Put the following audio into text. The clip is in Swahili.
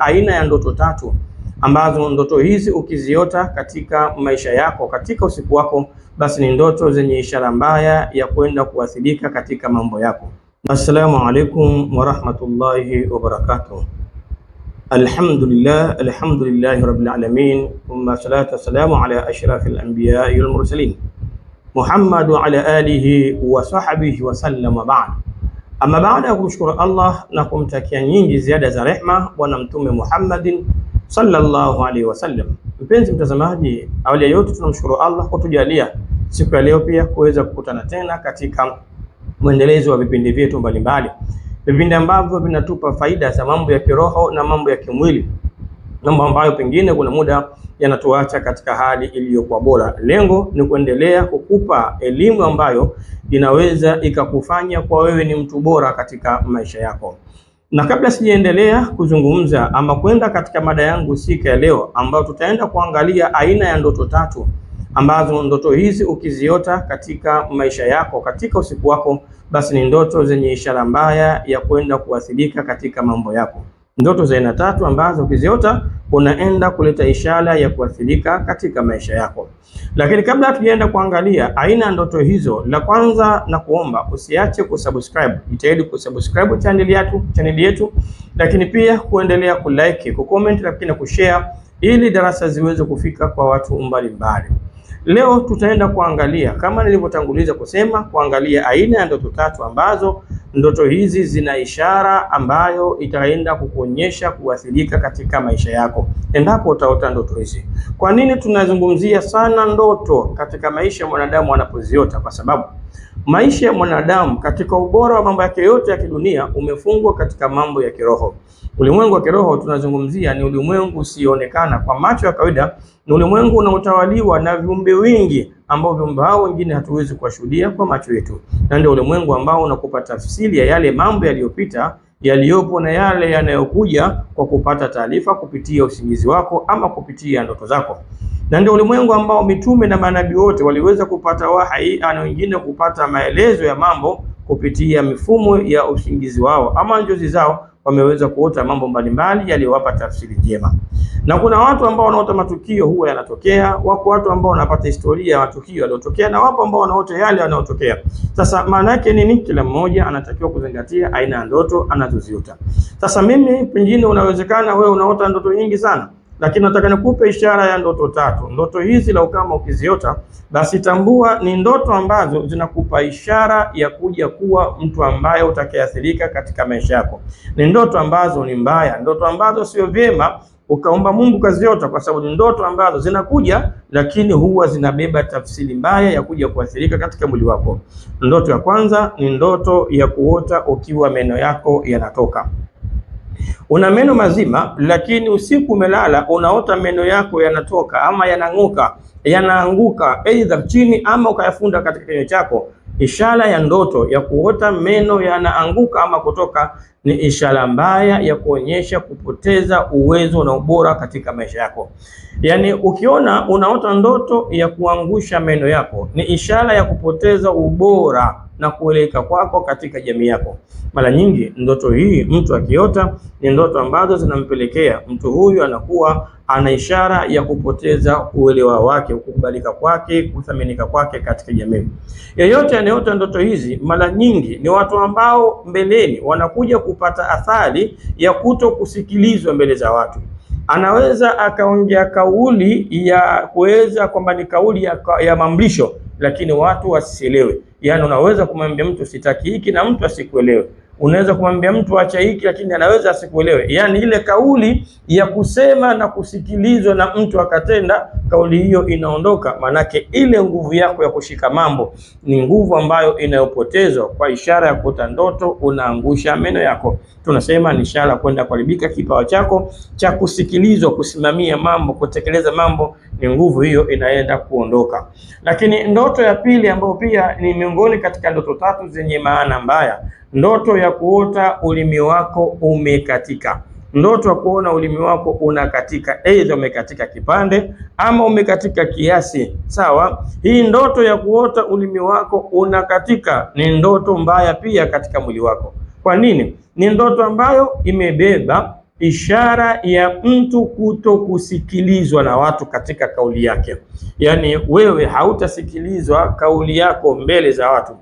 aina ya ndoto tatu ambazo ndoto hizi ukiziota katika maisha yako katika usiku wako, basi ni ndoto zenye ishara mbaya ya kwenda kuathirika katika mambo yako. Assalamu alaikum warahmatullahi wabarakatuh. Alhamdulillah, alhamdulillahi rabbil alamin, thumma salatu wassalamu ala ashrafil anbiyai wal mursalin Muhammad wa ala alihi wa sahbihi wa sallam wa ba'd. Ama baada ya kumshukuru Allah na kumtakia nyingi ziada za rehma Bwana Mtume Muhammadin sallallahu alaihi wasallam. Mpenzi mtazamaji, awali ya yote tunamshukuru Allah kwa kutujalia siku ya leo pia kuweza kukutana tena katika mwendelezo wa vipindi vyetu mbalimbali, vipindi ambavyo vinatupa faida za mambo ya kiroho na mambo ya kimwili mambo ambayo pengine kuna muda yanatuacha katika hali iliyokuwa bora. Lengo ni kuendelea kukupa elimu ambayo inaweza ikakufanya kwa wewe ni mtu bora katika maisha yako. Na kabla sijaendelea kuzungumza ama kwenda katika mada yangu husika ya leo, ambayo tutaenda kuangalia aina ya ndoto tatu ambazo ndoto hizi ukiziota katika maisha yako katika usiku wako, basi ni ndoto zenye ishara mbaya ya kwenda kuathirika katika mambo yako ndoto za aina tatu ambazo ukiziota unaenda kuleta ishara ya kuathirika katika maisha yako. Lakini kabla tujaenda kuangalia aina ya ndoto hizo, la kwanza na kuomba usiache kusubscribe, jitahidi kusubscribe channel yetu, channel yetu, lakini pia kuendelea kulike, kucomment, lakini na kushare ili darasa ziweze kufika kwa watu mbalimbali. Leo tutaenda kuangalia kama nilivyotanguliza kusema, kuangalia aina ya ndoto tatu ambazo Ndoto hizi zina ishara ambayo itaenda kukuonyesha kuathirika katika maisha yako endapo utaota ndoto hizi. Kwa nini tunazungumzia sana ndoto katika maisha ya mwanadamu anapoziota? Kwa sababu maisha ya mwanadamu katika ubora wa mambo yake yote ya kidunia umefungwa katika mambo ya kiroho. Ulimwengu wa kiroho tunazungumzia ni ulimwengu usioonekana kwa macho ya kawaida, ni ulimwengu unaotawaliwa na viumbe wingi ambao viumbe hao wengine hatuwezi kuwashuhudia kwa macho yetu, na ndio ulimwengu ambao unakupa tafsiri ya yale mambo yaliyopita, yaliyopo na yale yanayokuja kwa kupata taarifa kupitia usingizi wako ama kupitia ndoto zako na ndio ulimwengu ambao mitume na manabii wote waliweza kupata wahai na wengine kupata maelezo ya mambo kupitia mifumo ya usingizi wao ama njozi zao wameweza kuota mambo mbalimbali yaliyowapa tafsiri njema. Na kuna watu ambao wanaota matukio huwa yanatokea, wako watu ambao wanapata historia ya matukio yaliyotokea, na wapo ambao wanaota yale yanayotokea. Sasa maana yake nini? Kila mmoja anatakiwa kuzingatia aina ya ndoto anazoziota. Sasa mimi, pengine unawezekana wewe unaota ndoto nyingi sana lakini nataka nikupe ishara ya ndoto tatu. Ndoto hizi la ukama ukiziota, basi tambua ni ndoto ambazo zinakupa ishara ya kuja kuwa mtu ambaye utakayeathirika katika maisha yako. Ni ndoto ambazo ni mbaya, ndoto ambazo sio vyema ukaomba Mungu kaziota, kwa sababu ni ndoto ambazo zinakuja, lakini huwa zinabeba tafsiri mbaya ya kuja kuathirika katika mwili wako. Ndoto ya kwanza ni ndoto ya kuota ukiwa meno yako yanatoka. Una meno mazima, lakini usiku umelala, unaota meno yako yanatoka ama yanang'oka, yanaanguka aidha chini ama ukayafunda katika kinywa chako. Ishara ya ndoto ya kuota meno yanaanguka ama kutoka ni ishara mbaya ya kuonyesha kupoteza uwezo na ubora katika maisha yako. Yaani, ukiona unaota ndoto ya kuangusha meno yako ni ishara ya kupoteza ubora na kueleka kwako katika jamii yako. Mara nyingi ndoto hii mtu akiota ni ndoto ambazo zinampelekea mtu huyu anakuwa ana ishara ya kupoteza uelewa wake, kukubalika kwake, kuthaminika kwake katika jamii. Yeyote anayeota ndoto hizi mara nyingi ni watu ambao mbeleni wanakuja kupata athari ya kuto kusikilizwa mbele za watu anaweza akaongea kauli ya kuweza kwamba ni kauli ya, ya mamlisho lakini watu wasielewe. Yaani, unaweza kumwambia mtu sitaki hiki na mtu asikuelewe. Unaweza kumwambia mtu acha hiki, lakini anaweza asikuelewe. Yaani ile kauli ya kusema na kusikilizwa na mtu akatenda kauli hiyo inaondoka, manake ile nguvu yako ya kushika mambo ni nguvu ambayo inayopotezwa kwa ishara ya kuota ndoto, unaangusha meno yako. Tunasema ni ishara kwenda kuharibika kipawa chako cha kusikilizwa, kusimamia mambo, kutekeleza mambo, ni nguvu hiyo inaenda kuondoka. Lakini ndoto ya pili ambayo pia ni miongoni katika ndoto tatu zenye maana mbaya, ndoto ya kuota ulimi wako umekatika ndoto ya kuona ulimi wako unakatika, aidha umekatika kipande ama umekatika kiasi. Sawa, hii ndoto ya kuota ulimi wako unakatika ni ndoto mbaya pia katika mwili wako. Kwa nini? Ni ndoto ambayo imebeba ishara ya mtu kuto kusikilizwa na watu katika kauli yake, yaani wewe hautasikilizwa kauli yako mbele za watu.